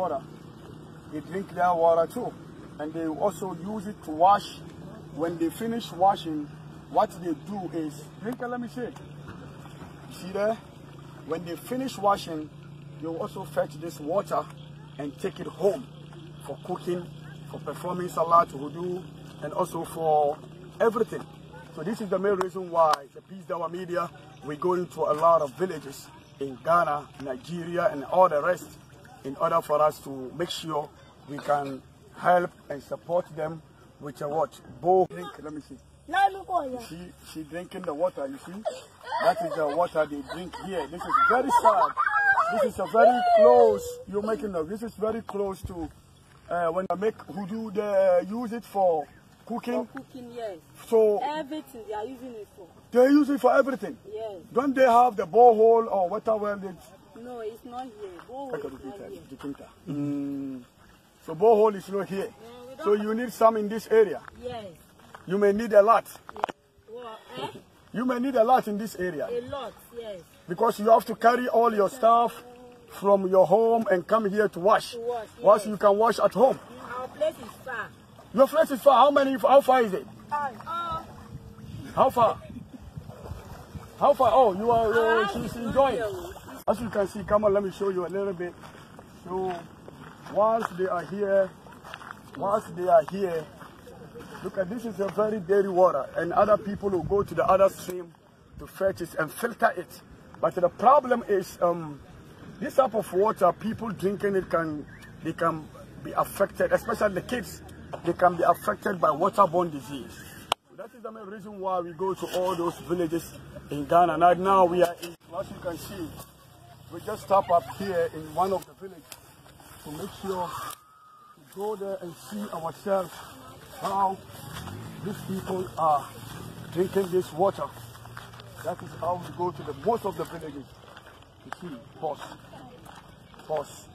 water. They drink their water too. And they also use it to wash. When they finish washing, what they do is, drink let me see. See there? When they finish washing, they also fetch this water and take it home for cooking, for performing salat, hudu, and also for everything. So this is the main reason why the Peace Dawa Media, we go into a lot of villages in Ghana, Nigeria, and all the rest in order for us to make sure we can help and support them with a what? Bowl. Drink, let me see. She, she drinking the water, you see? That is the water they drink here. This is very sad. This is a very close, you're making a, this is very close to uh, when they make Who do they use it for cooking. For cooking, yes. So everything they are using it for. They use it for everything. Yes. Don't they have the borehole or water well? They, no, it's not here. Borehole is not here. Mm. So borehole is not here. Mm, so you need some in this area. Yes. You may need a lot. Yes. Well, eh? You may need a lot in this area. A lot, yes. Because you have to carry all your stuff from your home and come here to wash. To wash yes. Once you can wash at home. Our place is far. Your place is far. How many? How far is it? uh, how far? How far? Oh, you are. Uh, she's enjoying. Oh. As you can see, come on, let me show you a little bit. So once they are here, once they are here, look at this is a very dirty water and other people will go to the other stream to fetch it and filter it. But the problem is um, this type of water, people drinking it can, they can be affected, especially the kids, they can be affected by waterborne disease. that is the main reason why we go to all those villages in Ghana. Right now we are in, as you can see, we just stop up here in one of the villages to make sure to go there and see ourselves how these people are drinking this water. That is how we go to the most of the villages to see horse, horse.